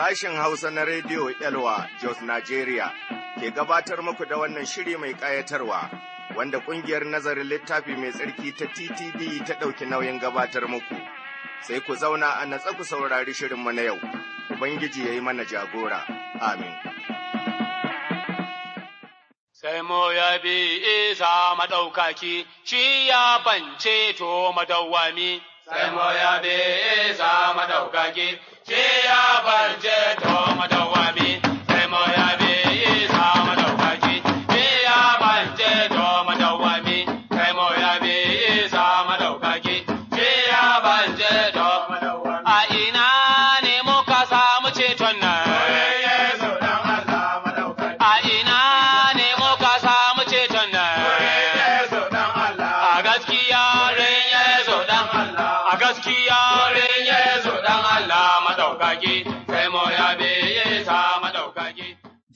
Sashen Hausa na Rediyo Elwa Jos Nigeria ke gabatar muku da wannan shiri mai ƙayatarwa wanda ƙungiyar nazarin littafi mai tsarki ta TTD ta ɗauki nauyin gabatar muku. Sai ku zauna a natsa ku saurari shirinmu na yau, Ubangiji ya yi mana jagora. Amin. Sai mu bi Isa maɗaukaki, shi ya bance to madawwami. Sai mu bi Isa maɗaukaki, Ke ya barje to madawami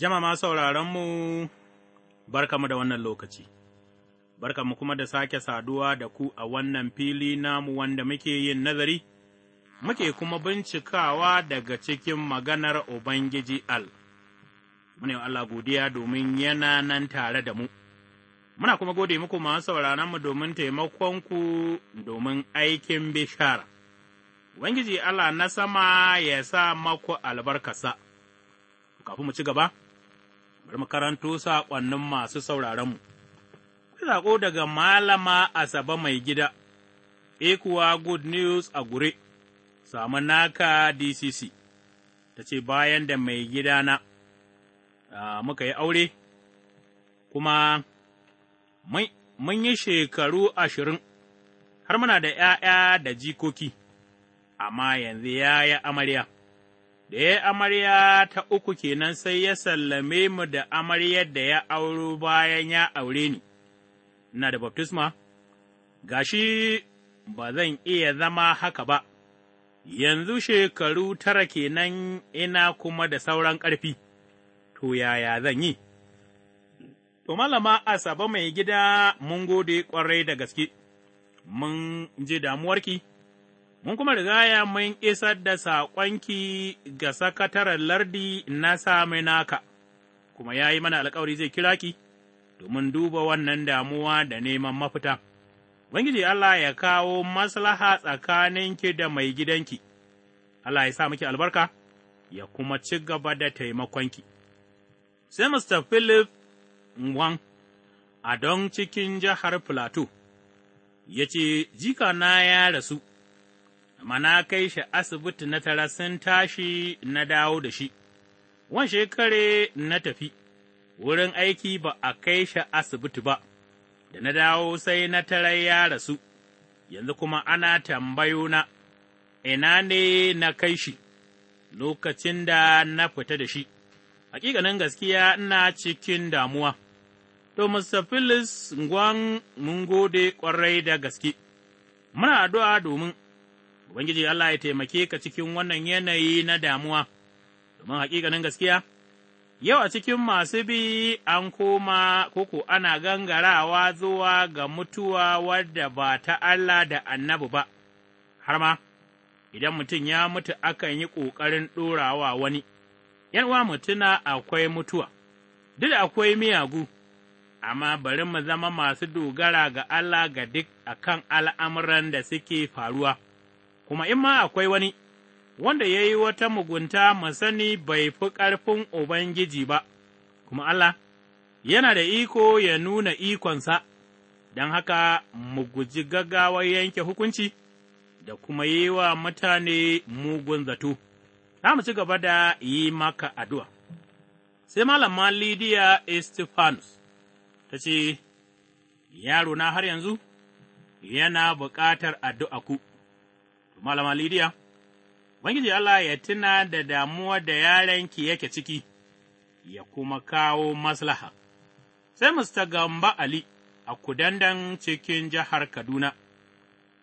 Jama'a sauraronmu, barkamu da wannan lokaci, barkamu kuma da sake saduwa da ku a wannan fili namu wanda muke yin nazari, muke kuma bincikawa daga cikin maganar Ubangiji Al. Mune Allah godiya domin yana nan tare da mu. Muna kuma gode muku masu sauraronmu domin taimakonku domin aikin bishara. Ubangiji Allah na sama ya sa maku albarkasa. Kafin mu ci gaba. bari mu karanto saƙonnin masu sauraronmu. Saƙo daga Malama Asaba mai gida, Ekuwa Good News a gure, samu naka DCC, ta ce bayan da mai gidana muka yi aure, kuma mun yi shekaru ashirin, har muna da ’ya'ya da jikoki, amma yanzu ya yi amarya. da ya amarya ta uku kenan sai ya sallame mu da amaryar da ya auro bayan ya aure ni, na da baftisma, gashi ba zan iya zama haka ba, yanzu shekaru tara kenan ina kuma da sauran ƙarfi, to yaya zan yi? To, malama Asaba mai gida mun gode ƙwarai da gaske, mun ji damuwarki. mun kuma rigaya mun isar da saƙonki ga sakataren lardi na sami naka, kuma ya yi mana alkawari zai kira ki domin duba wannan damuwa da neman mafita. Ubangiji Allah ya kawo maslaha tsakaninki da mai gidanki, Allah ya sa miki albarka, ya kuma ci gaba da taimakonki. Sai Mr. Philip Wang, a don cikin jihar Plateau, ya ce, Jika na ya rasu. mana kai shi asibiti na tara sun tashi na dawo da shi, wan shekare na tafi, wurin aiki ba a kai shi asibiti ba, da na dawo sai na tara ya rasu, yanzu kuma ana tambayo na. ina ne na kai shi, lokacin da na fita da shi, hakikanin gaskiya na cikin damuwa. To, Mr. Phyllis, mun gode ƙwarai da gaske, muna addu'a domin Ubangiji Allah ya taimake ka cikin wannan yanayi na damuwa, domin hakikanin gaskiya, yau a cikin masu bi an koma koko ana gangarawa zuwa ga mutuwa wadda ba ta Allah da annabi ba, har ma, idan mutum ya mutu akan yi ƙoƙarin ɗorawa wani, uwa mutuna akwai mutuwa, duk akwai miyagu. amma bari mu zama masu dogara ga Allah ga duk akan al'amuran da suke faruwa, kuma in ma akwai wani wanda ya yi wata mugunta masani bai fi ƙarfin Ubangiji ba, kuma Allah yana da iko ya nuna ikonsa, don haka mu guji gaggawar yanke hukunci da kuma yi wa mutane mugun zato. Za mu ci gaba da yi maka addu'a. Sai malama Lidiya Estefanus ta ce, Yaro na har yanzu yana bukatar addu'a ku. Malama Lidiya, Ubangiji Allah ya tuna da damuwa da yaranki yake ciki, ya kuma kawo maslaha. Sai Mista Gamba Ali a kudandan cikin jihar Kaduna,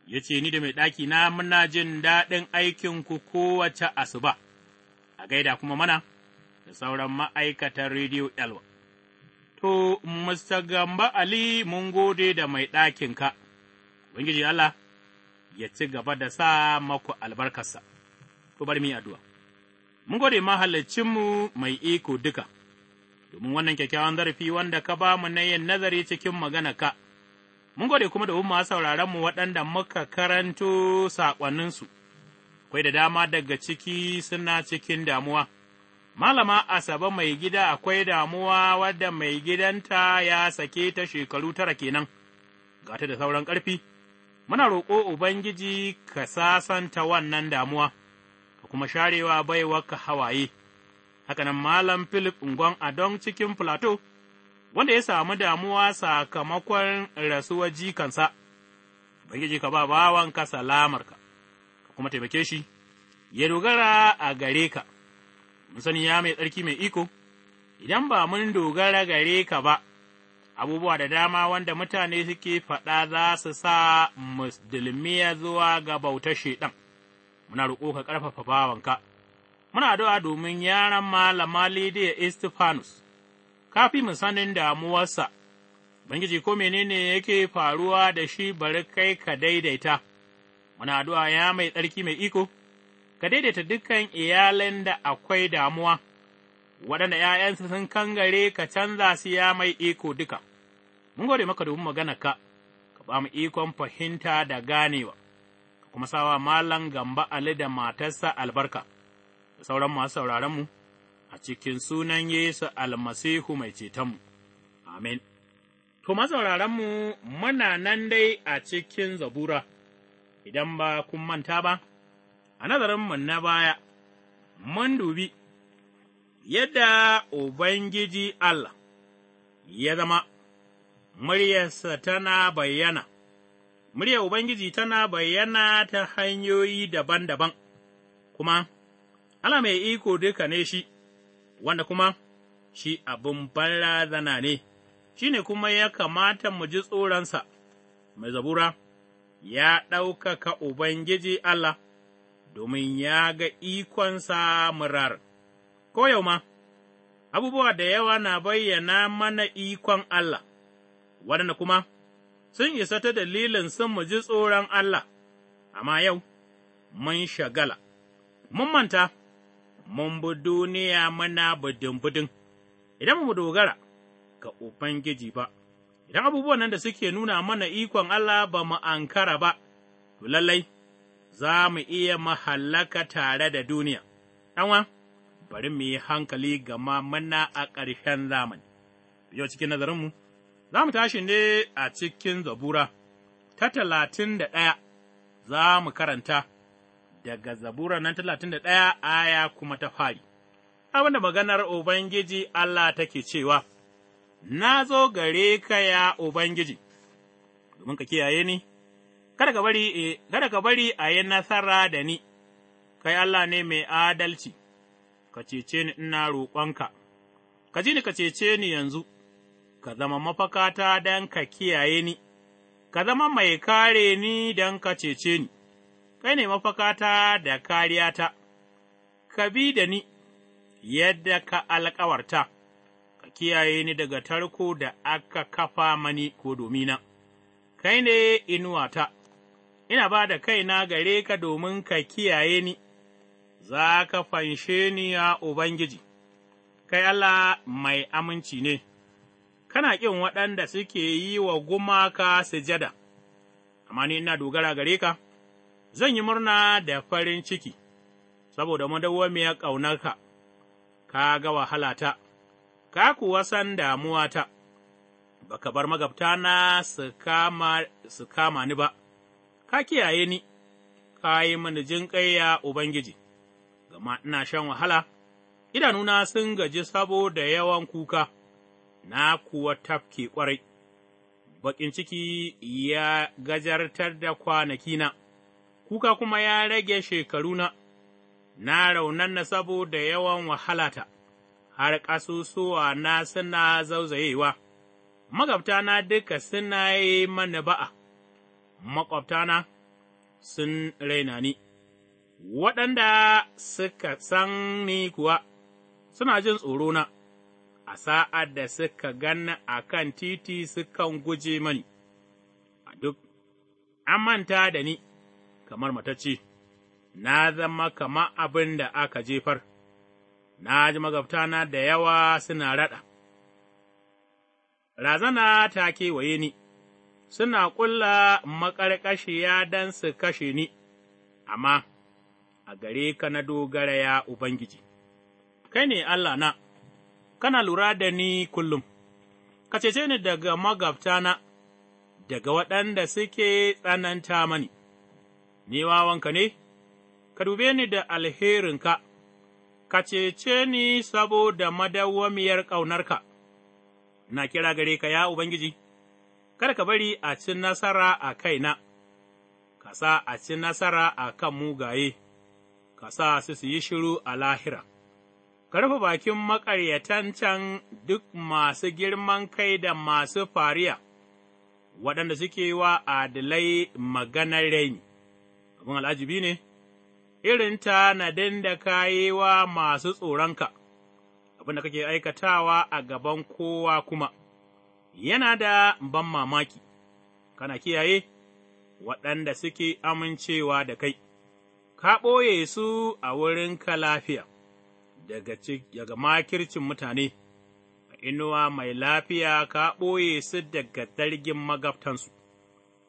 ya ce, Ni da mai ɗaki na muna jin daɗin aikinku kowace asuba, a gaida kuma mana da sauran ma'aikatan Rediyo Elwa. To, Mista Gamba Ali mun gode da mai ɗakinka, bangiji Allah. ya ci gaba da sa maku albarkarsa. To bari mu yi addu'a. Mun gode mahalicinmu mai iko duka, domin wannan kyakkyawan zarafi wanda ka ba mu na yin nazari cikin magana ka. Mun gode kuma da umma sauraronmu waɗanda muka karanto saƙoninsu, akwai da dama daga ciki suna cikin damuwa. Malama Asabe mai gida akwai damuwa wadda mai gidanta ya sake ta shekaru tara kenan, gata da sauran ƙarfi. muna roƙo Ubangiji ka sasanta wannan damuwa, ka kuma sharewa baiwarka hawaye, hakanan Malam Philip Ungon don cikin Filato, wanda ya samu damuwa sakamakon rasuwa jikansa, Ubangiji ka ba bawanka salamarka, ka kuma taimake shi, ya dogara a gare ka, mun sani ya mai tsarki mai iko, idan ba mun dogara gare ka ba. abubuwa da dama wanda mutane suke faɗa za su sa musulmiya zuwa ga bautar shaiɗan. Muna roƙo ka ƙarfafa bawanka, muna addu'a domin yaran malama Lidiya Istifanus, kafi musanin sanin damuwarsa, bangiji ko menene yake faruwa da shi bari kai ka daidaita, muna addu'a ya mai tsarki mai iko, ka daidaita dukkan iyalan da akwai damuwa. waɗanda ’ya'yansu sun kangare ka canza su ya mai iko duka. Mun gode maka domin magana ka, ka ba mu ikon fahimta da ganewa, ka kuma sawa Malam Gamba Ali da matarsa albarka, da sauran masu sauraronmu, a cikin sunan Yesu almasihu mai cetonmu. Amin. To, mu muna nan dai a cikin zabura, idan ba kun manta ba, a nazarinmu na baya, mun dubi. yadda Ubangiji Allah ya zama, muryarsa tana bayyana, Murya Ubangiji tana bayyana ta hanyoyi daban-daban, kuma Allah mai iko duka ne shi, wanda kuma shi abin barazana ne, shi ne kuma ya kamata mu ji tsoronsa, mai zabura, ya ɗaukaka Ubangiji Allah, domin ya ga ikonsa murar. ko yau ma, abubuwa da yawa na bayyana mana ikon Allah, waɗanda kuma sun isa ta dalilin sun mu ji tsoron Allah, amma yau mun shagala, mun manta, mun bi duniya mana budin-budin, idan mu dogara ga Ubangiji ba, idan abubuwan nan da suke nuna mana ikon Allah ba mu ankara ba, to lallai za mu iya mahallaka tare da duniya. ɗanwa. bari mu yi hankali gama mana a ƙarshen zamani. Yau cikin nazarinmu, za mu tashi ne a cikin zabura ta talatin da ɗaya, za mu karanta daga zabura nan talatin da ɗaya aya kuma ta fari. Abin da maganar Ubangiji Allah take cewa, Na zo gare ka ya Ubangiji, domin ka kiyaye ni, kada ka bari eh, a yi nasara da ni, kai Allah ne mai adalci. ka cece ni ina roƙonka, ka ji ni ka cece ni yanzu, ka zama mafakata don ka kiyaye ni, ka zama mai kare ni don ka cece ni, kai ne mafakata da kariyata, ka bi da ni yadda ka alkawarta, ka kiyaye ni daga tarko da aka kafa mani ko domina, kai ne inuwata, ina ba da kaina gare ka domin ka kiyaye ni. za ka fanshe ni ya Ubangiji, kai Allah mai aminci ne, kana ƙin waɗanda suke yi wa gumaka sijada. amma ni ina dogara gare ka, zan yi murna da farin ciki, saboda madawwamiyar ƙaunarka, ka ga wahalata, ka kuwa san damuwata, ka bar magabta na su kama ni ba, ka kiyaye ni, ka yi mini jinƙai ya Ubangiji. gama ina shan wahala, idanuna sun gaji saboda yawan kuka, na kuwa tafke ƙwarai, baƙin ciki ya gajartar da kwanakina, kuka kuma ya rage shekaruna, na na saboda yawan wahalata, har ƙasusuwa na suna zauzayewa, magabtana duka suna yi mana ba'a, maƙwabtana sun raina ni. waɗanda suka san ni kuwa suna jin tsoro na. a sa'ad da suka gani a kan titi sukan guje mani, a duk an manta da ni kamar matacce, na zama kama abin da aka jefar, na ji magabtana da yawa suna raɗa. Razana ta kewaye ni, suna ƙulla maƙarƙashiya don su kashe ni, amma a gare ka na dogara ya Ubangiji, kai ne Allah na, kana lura da ni kullum, ka cece ni daga magabtana, daga waɗanda suke tsananta mani, ni wawanka ne, ka dube ni da alherinka, ka cece ni saboda madawwamiyar ƙaunarka, na kira gare ka ya Ubangiji, kada ka bari a ci nasara a kaina, ka sa a ci nasara a kan mugaye. ka sa su su yi shiru a lahira. Ka bakin maƙaryatan can duk masu girman kai da masu fariya, waɗanda suke yi wa adilai maganar raini, abin al'ajibi ne, irin tanadin da ka yi wa masu tsoronka, abin da kake aikatawa a gaban kowa kuma, yana da ban mamaki, kana kiyaye waɗanda suke amincewa da kai. ka ɓoye su a wurinka lafiya daga, daga makircin mutane, a inuwa mai lafiya ka ɓoye su daga dargin magaftansu.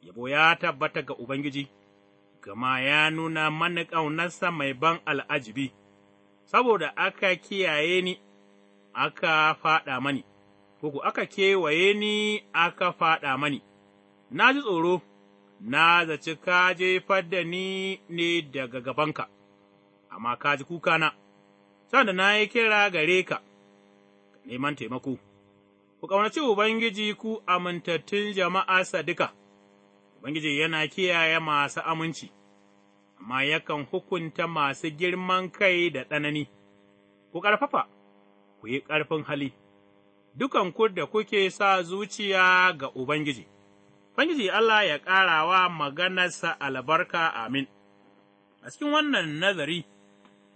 yabo ya tabbata ga Ubangiji, gama ya nuna mana ƙaunarsa mai ban al'ajibi, saboda aka kiyaye ni, aka faɗa mani, ko aka kewaye ni, aka faɗa mani, na ji tsoro. na zaci ka jefar da ni ne daga gabanka, amma ka ji kukana, sanda na yi kira gare ka, neman taimako. Ku ƙaunaci Ubangiji ku amintattun jama'a sadika, Ubangiji yana kiyaye masu aminci, amma yakan hukunta masu girman kai da tsanani, ku ƙarfafa, ku yi ƙarfin hali, dukanku da kuke sa zuciya ga Ubangiji. Ubangiji Allah ya ƙara wa maganarsa albarka amin. A cikin wannan nazari,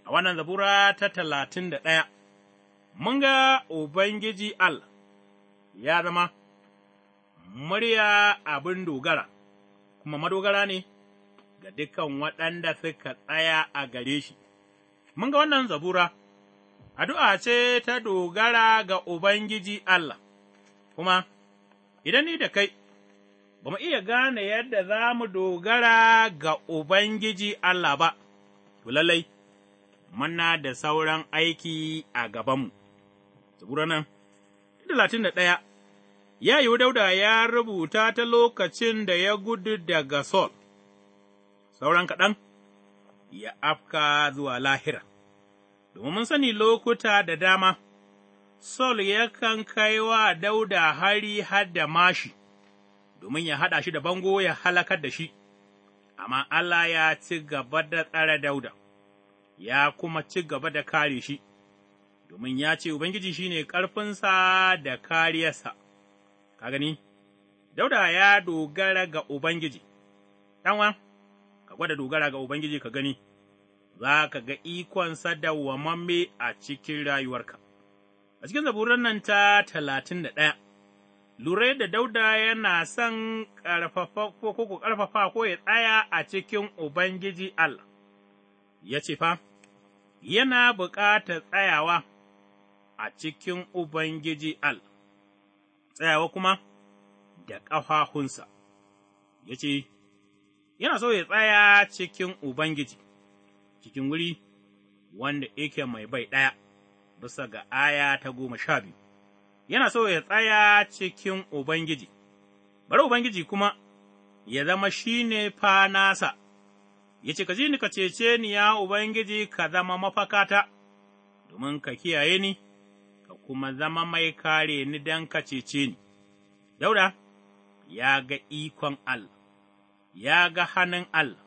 a wannan zabura ta talatin da ɗaya, mun ga Ubangiji Allah ya zama murya abin dogara, kuma madogara ne ga dukan waɗanda suka tsaya a gare shi. Mun ga wannan zabura, addu'a ce ta dogara ga Ubangiji Allah, kuma idan ni da kai. ba mu iya gane yadda za mu dogara ga Ubangiji Allah ba, to lallai, muna da sauran aiki a gabanmu. Zabura nan, talatin da ɗaya, ya yi dauda ya rubuta ta lokacin da ya gudu daga Sol, sauran kaɗan, ya afka zuwa lahira, domin mun sani lokuta da dama. Sol yakan kai wa dauda hari har da mashi, domin ya haɗa shi da bango ya halakar da shi, amma Allah ya ci gaba da tsare dauda, ya kuma ci gaba da kare shi, domin ya ce Ubangiji shi ne ƙarfinsa da kariyarsa, ka gani, dauda ya dogara ga Ubangiji, ɗanwa, ka gwada dogara ga Ubangiji ka gani, za ka ga ikonsa wamamme a cikin rayuwarka. A cikin zaburan nan ta talatin da ɗaya. lura da Dauda yana son ƙarfafa ko ƙarfafa ko ya tsaya a cikin Ubangiji Allah, ya ce fa, yana buƙatar tsayawa a cikin Ubangiji Allah, tsayawa kuma da ƙafafunsa, ya ce, yana so ya tsaya cikin Ubangiji, cikin wuri wanda yake mai bai ɗaya, bisa ga aya ta goma sha biyu. yana so ya tsaya cikin Ubangiji, bari Ubangiji kuma ya zama shi ne fa nasa, ya ce, Ka ji ni ka cece ni ya Ubangiji ka zama mafakata, domin ka kiyaye ni, ka kuma zama mai kare ni don ka cece ni. Dauda ya ga ikon Allah, ya ga hannun Allah,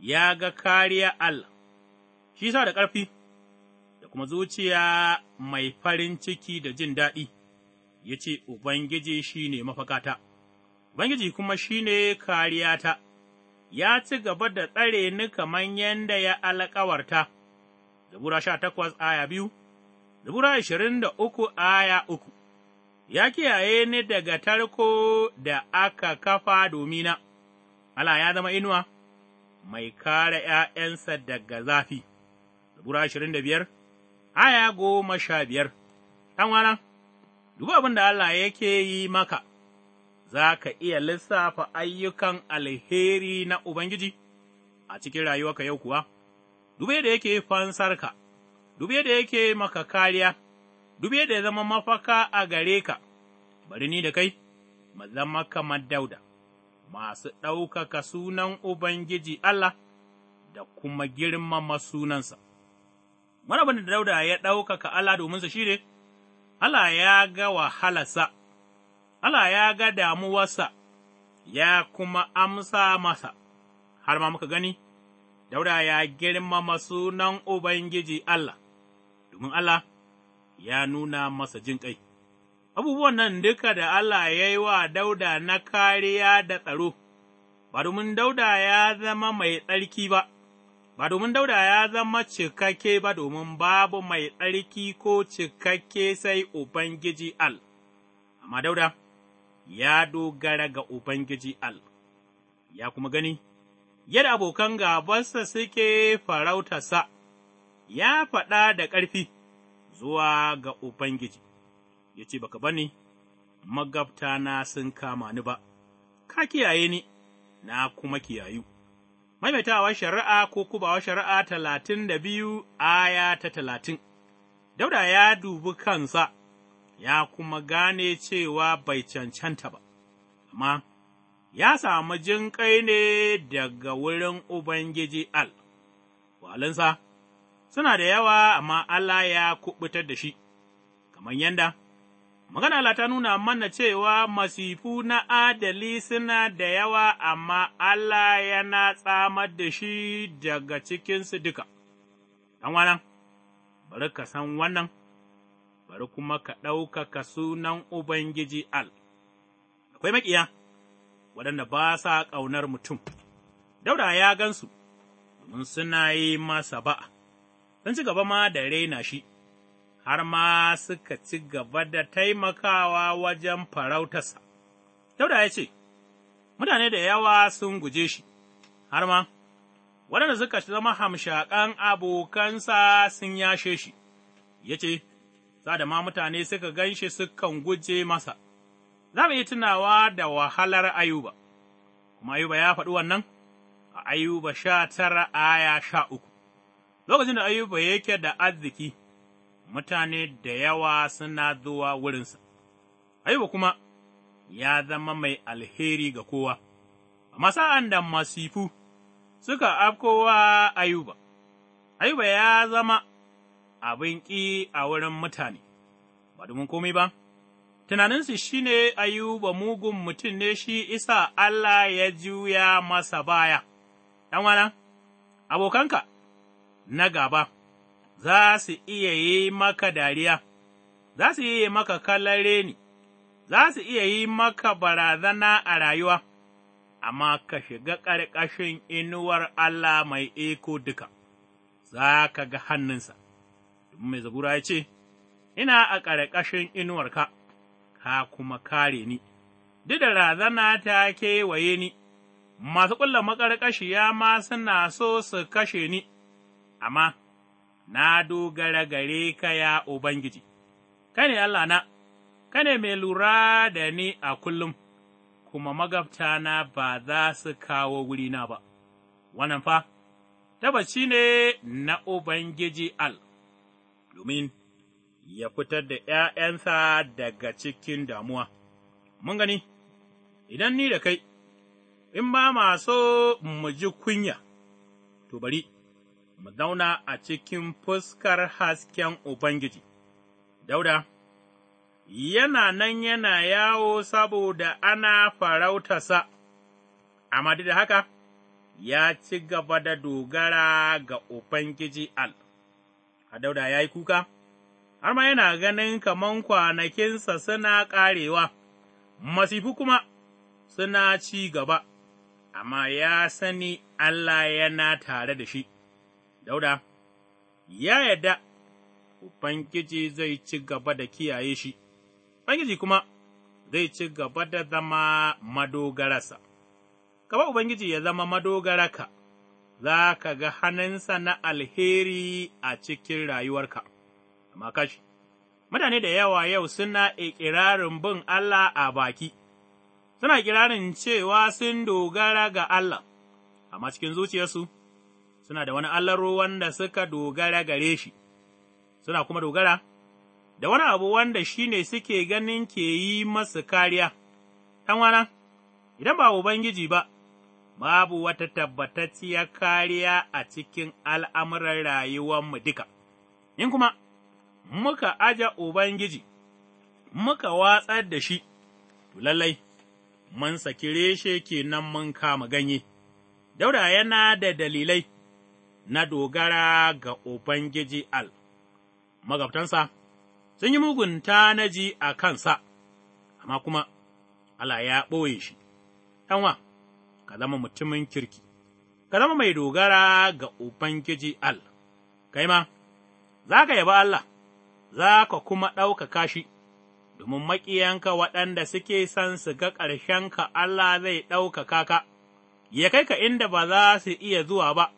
ya ga kariya Allah, shi sa da ƙarfi. kuma zuciya mai farin ciki da jin daɗi, ya ce, Ubangiji shi ne mafakata, Ubangiji kuma shi ne kariyata, ya ci gaba da tsare ni kamar yadda ya alkawarta, Zabura sha takwas aya biyu, Zabura ashirin da uku aya uku, ya kiyaye ni daga tarko da aka kafa domina, Allah ya zama inuwa, mai kare ’ya'yansa daga zafi. Zabura ashirin da biyar aya goma sha biyar, ’yan duba abin da Allah yake yi maka, za ka iya lissafa ayyukan alheri na Ubangiji a cikin rayuwarka yau kuwa, dube da yake fansarka, dube da yake maka kariya, dube da ya zama mafaka a gare ka, bari ni da kai, ma zama kamar dauda, masu ɗaukaka sunan Ubangiji Allah da kuma girmama sunansa. marabin da Dauda ya ɗaukaka Allah sa shi ne, Allah ya ga wahalarsa, Allah ya ga damuwarsa, ya kuma amsa masa, har ma muka gani, Dauda ya girmama sunan Ubangiji Allah, domin Allah ya nuna masa jin ƙai. Abubuwan nan duka da Allah ya yi wa Dauda na kariya da tsaro, ba domin Dauda ya zama mai tsarki ba. ba domin Dauda ya zama cikakke ba domin babu mai tsarki ko cikakke sai Ubangiji Al, amma Dauda ya dogara ga Ubangiji Al, ya kuma gani, yadda abokan gabansa suke farautarsa, ya faɗa da ƙarfi zuwa ga Ubangiji, ya ce, Baka bani, magabtana sun kama ni ba, ka kiyaye ni, na kuma kiyayu. maimaitawa shari'a ko kubawa shari'a talatin da biyu aya ta talatin. Dauda ya dubi kansa, ya kuma gane cewa bai cancanta ba, amma ya samu jin kai ne daga wurin Ubangiji Al, walinsa suna da yawa, amma Allah ya kuɓutar da shi, kamar yanda Magana Allah ta nuna mana cewa masifu na adali suna da yawa, amma Allah yana tsamar da shi daga cikinsu duka. Ɗan wannan, bari ka san wannan, bari kuma ka ɗaukaka sunan Ubangiji Al. Akwai maƙiya waɗanda ba sa ƙaunar mutum, Dauda ya gansu, domin suna yi masa ba. sun ci gaba ma da raina shi. har ma suka ci gaba da taimakawa wajen farautarsa. Dauda ya ce, Mutane da yawa sun guje shi, har ma, waɗanda suka zama hamshaƙan abokansa sun yashe shi, ya ce, da ma mutane suka gan shi sukan guje masa, za mu yi tunawa da wahalar Ayuba, kuma Ayuba ya faɗi wannan a Ayuba sha tara aya sha uku, lokacin da Ayuba yake da arziki. mutane da yawa suna zuwa wurinsa, aiwa kuma ya zama mai alheri ga kowa, amma sa'an da masifu suka afkowa Ayuba, Ayuba ya zama abin ƙi a wurin mutane, ba domin komai ba, tunaninsu shi ne Ayuba mugun mutum ne shi isa Allah ya juya masa baya, ɗan abokanka na gaba. za su iya yi maka dariya, za su iya yi maka kallon reni, za su iya yi maka barazana a rayuwa, amma ka shiga ƙarƙashin inuwar Allah mai eko duka, za ka ga hannunsa. Mai zagura ya ce, Ina a ƙarƙashin inuwarka, ka kuma kare ni, duk da razana ta kewaye ni, masu ƙulla maƙarƙashiya ma suna so su kashe ni, amma na dogara gare ka ya Ubangiji, ka ne na ka mai lura da ni a kullum, kuma magabta na ba za su kawo wurina ba, wannan fa, tabbaci ne na Ubangiji Al, domin ya fitar da ’ya'yansa daga cikin damuwa. Mun gani, idan ni da kai, in ba maso mu ji kunya, to bari. mu zauna a cikin fuskar hasken Ubangiji. Dauda, yana nan yana yawo saboda ana sa. amma da haka, ya ci gaba da dogara ga Ubangiji Al. A dauda ya yi kuka, har ma yana ganin kaman kwanakinsa suna ƙarewa, masifu kuma suna ci gaba, amma ya sani Allah yana tare da shi. Dauda, ya yadda Ubangiji zai ci gaba da kiyaye shi, Ubangiji kuma zai ci gaba da zama madogararsa. Gaba Ubangiji ya zama madogaraka, za ka ga hannunsa na alheri a cikin rayuwarka, amma kashi, mutane da yawa yau suna ikirarin bin Allah a baki, suna ikirarin cewa sun dogara ga Allah, amma cikin zuciyarsu. suna da wani ruwan wanda suka dogara gare shi, suna kuma dogara da wani abu wanda shi ne suke ganin ke yi masu kariya, ɗanwana, idan ba Ubangiji ba, babu wata tabbatacciyar kariya a cikin al'amuran rayuwarmu duka, in kuma muka aja Ubangiji, muka watsar da shi, lallai, mun saki reshe kenan mun kama ganye, Dauda yana da dalilai. na dogara ga Ubangiji Al, magabtansa sun yi mugun ji a kansa, amma kuma Allah ya ɓoye shi, ɗanwa, ka zama mutumin kirki, ka zama mai dogara ga Ubangiji Al, kai ma, za ka yaba Allah, za ka kuma ɗaukaka shi. domin maƙiyanka waɗanda suke son su ga ƙarshenka Allah zai ɗaukaka ka, ya kai ka inda ba za su iya zuwa ba,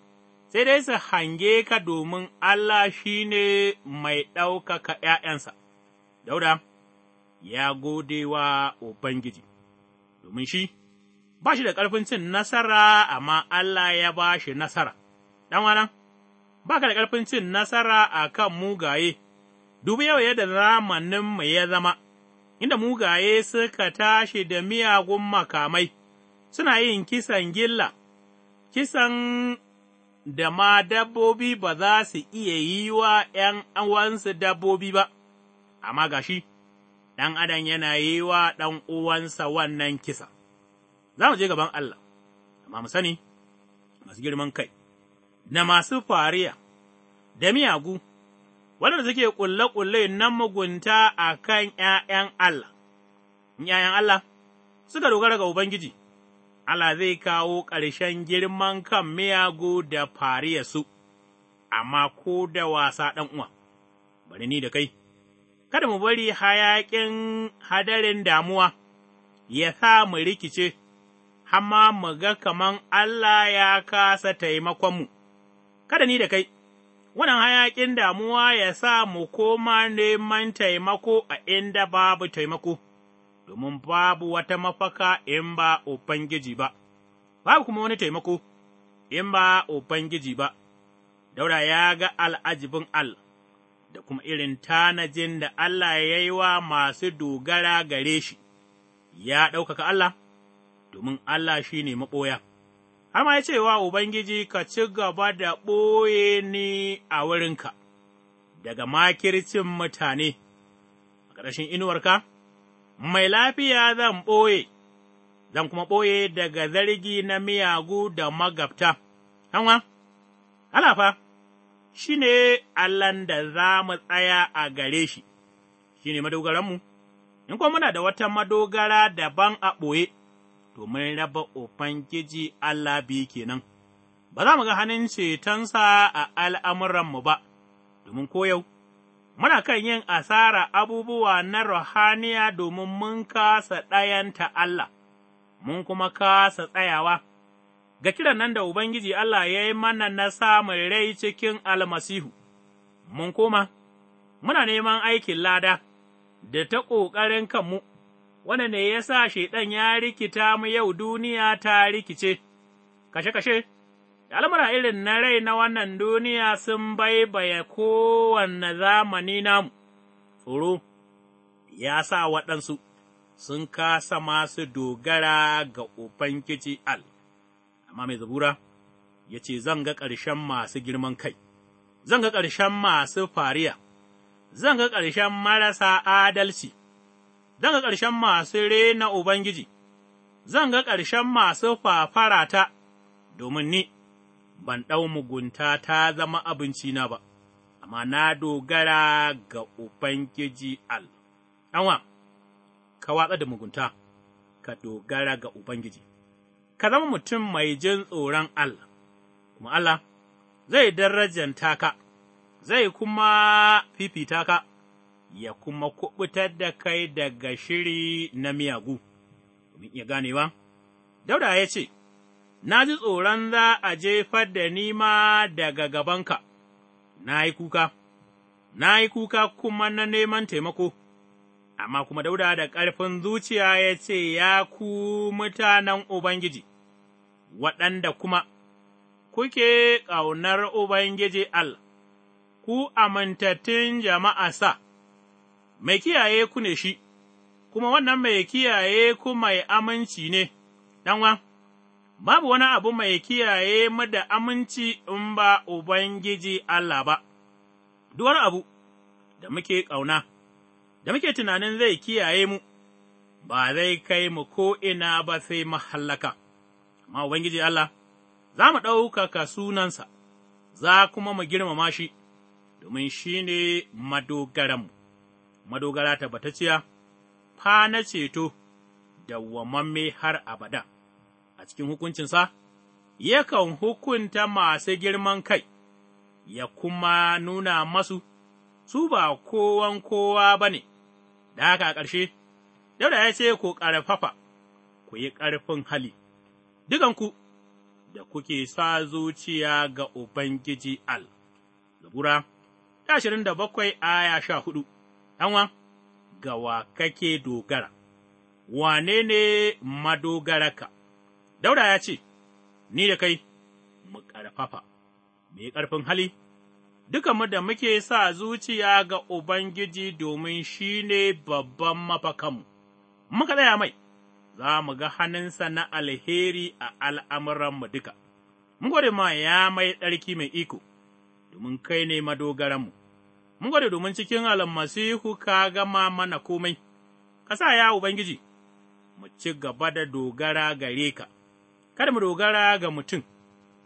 sai dai su hange ka domin Allah shi ne mai ɗaukaka ’ya'yansa, dauda ya gode wa Ubangiji, domin shi ba shi da ƙarfin cin nasara, amma Allah ya ba shi nasara, ɗanwana, ba ka da ƙarfin cin nasara a kan mugaye, dubi yau yadda zamaninmu ya zama, inda mugaye suka tashi da miyagun makamai, suna yin kisan gilla, kisan da ma dabbobi ba za su iya yi wa ’yan uwansu dabbobi ba, amma ga shi, ɗan adam yana yi wa ɗan uwansa wannan kisa. Za mu je gaban Allah, amma mu sani masu girman kai, da masu fariya, da miyagu, waɗanda suke ƙulle-ƙulle na mugunta a kan ’ya'yan Allah, ’ya'yan Allah suka dogara ga Ubangiji. Allah zai kawo ƙarshen girman kan miyagu da ya su, amma ko da wasa ɗan uwa, bari ni da kai, kada mu bari hayaƙin hadarin damuwa ya sa mu rikice, amma mu ga kaman Allah ya kasa taimakonmu, kada ni da kai. wannan hayaƙin damuwa ya sa mu koma neman taimako a inda babu taimako. domin babu wata mafaka in ba Ubangiji ba, babu kuma wani taimako in ba Ubangiji ba, daura ya ga al'ajibin al, da kuma irin tanajin da Allah ya yi wa masu dogara gare shi, ya ɗaukaka Allah, domin Allah shi ne maɓoya. Har ma ya ce wa Ubangiji ka ci gaba da ɓoye ni a wurinka, daga makircin mutane, a ƙarshen inuwarka? mai lafiya zan ɓoye, zan kuma ɓoye daga zargi na miyagu da magabta, Anwa, alafa, shi ne Allahn da za mu tsaya a gare shi, shi ne madogaranmu, in kuma muna da wata madogara daban a ɓoye, to mun raba Ubangiji Allah biyu kenan, ba za mu ga hannun cetonsa a al'amuranmu ba, domin koyau. muna kan yin asara abubuwa na ruhaniya domin mun kasa ɗayanta Allah, mun kuma kasa tsayawa. Ga kiran nan da Ubangiji Allah ya yi mana na samun rai cikin almasihu, mun koma, muna neman aikin lada da ta ƙoƙarin kanmu, wanda ne ya sa Shaiɗan ya rikita mu yau duniya ta rikice, kashe-kashe. al'amura irin na rai na wannan duniya sun baibaye kowane zamani namu, tsoro ya sa waɗansu sun kasa masu dogara ga Ubangiji Al, amma mai zabura ya ce, Zan ga ƙarshen masu girman kai, zan ga ƙarshen masu fariya, zan ga ƙarshen marasa adalci, zan ga ƙarshen masu rena Ubangiji, zan ga ƙarshen masu fafarata domin ni. ban ɗau mugunta ta zama abincina ba, amma na dogara ga Ubangiji Al. Ɗanwa, ka watsa da mugunta, ka dogara ga Ubangiji, ka zama mutum mai jin tsoron Allah, kuma Allah zai darajanta ka, zai kuma fifita ka, ya kuma kuɓutar da kai daga shiri na miyagu, domin iya ganewa, Dauda ya ce, na ji tsoron za a jefar da nima ma daga gabanka, na yi kuka, na yi kuka kuma na neman taimako, amma kuma dauda da ƙarfin zuciya ya ce, Ya ku mutanen Ubangiji, waɗanda kuma kuke ƙaunar Ubangiji Allah, ku amintattun jama'a sa, mai kiyaye ku ne shi, kuma wannan mai kiyaye ku mai aminci ne, ɗanwa. babu wani abu mai kiyaye mu da aminci in ba Ubangiji Allah ba, duwar abu da muke ƙauna, da muke tunanin zai kiyaye mu, ba zai kai mu ko ina ba sai mahallaka, amma Ubangiji Allah, za mu ɗaukaka sunansa, za kuma mu girmama shi, domin shi ne madogaranmu, madogara tabbatacciya, fa na ceto, dawwamamme har abada. a cikin hukuncinsa, yakan hukunta masu girman kai, ya kuma nuna masu, su ba kowan kowa ba ne, da haka a ƙarshe, Dauda ya ce ku ƙarfafa, ku yi ƙarfin hali, dukanku da kuke sa zuciya ga Ubangiji Al. Zabura, ashirin da bakwai aya sha hudu, ɗanwa, ga wa kake dogara, wane ne madogaraka? Dauda ya ce, Ni da kai, mu ƙarfafa, mu ƙarfin hali, dukanmu da muke sa zuciya ga Ubangiji domin shi ne babban mafakanmu, muka tsaya mai, za mu ga hannunsa na alheri a al'amuranmu duka, mun ma ya mai tsarki mai iko, domin kai ne madogaranmu, mun gwada domin cikin almasihu ka gama mana komai, ka sa ya Ubangiji, mu ci gaba da dogara gare ka. kada mu dogara ga mutum,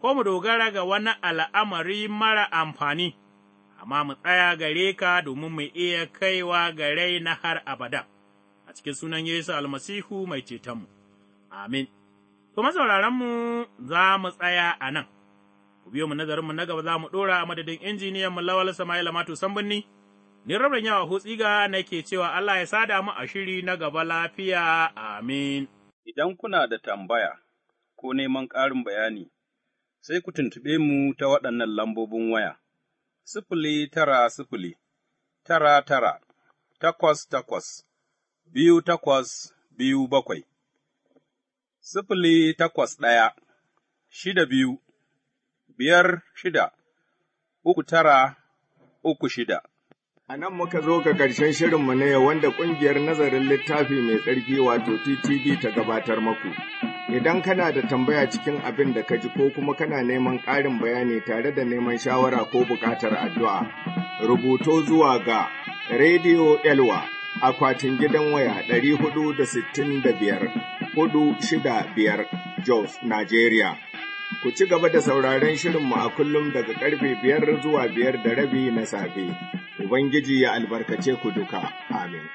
ko mu dogara ga wani al'amari mara amfani, amma mu tsaya gare ka domin mu iya kaiwa ga rai na har abada, a cikin sunan Yesu almasihu mai cetonmu. Amin. To, mu za mu tsaya a nan, ku biyo mu nazarinmu na gaba za mu ɗora a madadin injiniyan mu Lawal Sama'ila mato Sambunni, ni rabin yawa hutsiga nake cewa Allah ya sada mu a shiri na gaba lafiya, amin. Idan kuna da tambaya. ko neman ƙarin bayani, sai ku tuntuɓe mu ta waɗannan lambobin waya, sifili tara sifili, tara tara, takwas takwas, biyu takwas biyu bakwai, sifili takwas ɗaya, shida biyu, biyar shida, uku tara, uku shida. A nan muka zo ga ƙarshen shirinmu ne wanda ƙungiyar nazarin littafi mai tsarki wato ttd ta gabatar maku. Idan kana da tambaya cikin abin da ka ji ko kuma kana neman ƙarin bayani tare da neman shawara ko buƙatar addu'a, rubuto zuwa ga Radio Elwa akwatin gidan waya 465 Jos, Nigeria. Ku ci gaba da sauraron shirinmu a kullum daga karfe biyar zuwa biyar da rabi na safe. Ubangiji ya albarkace ku duka. Amin.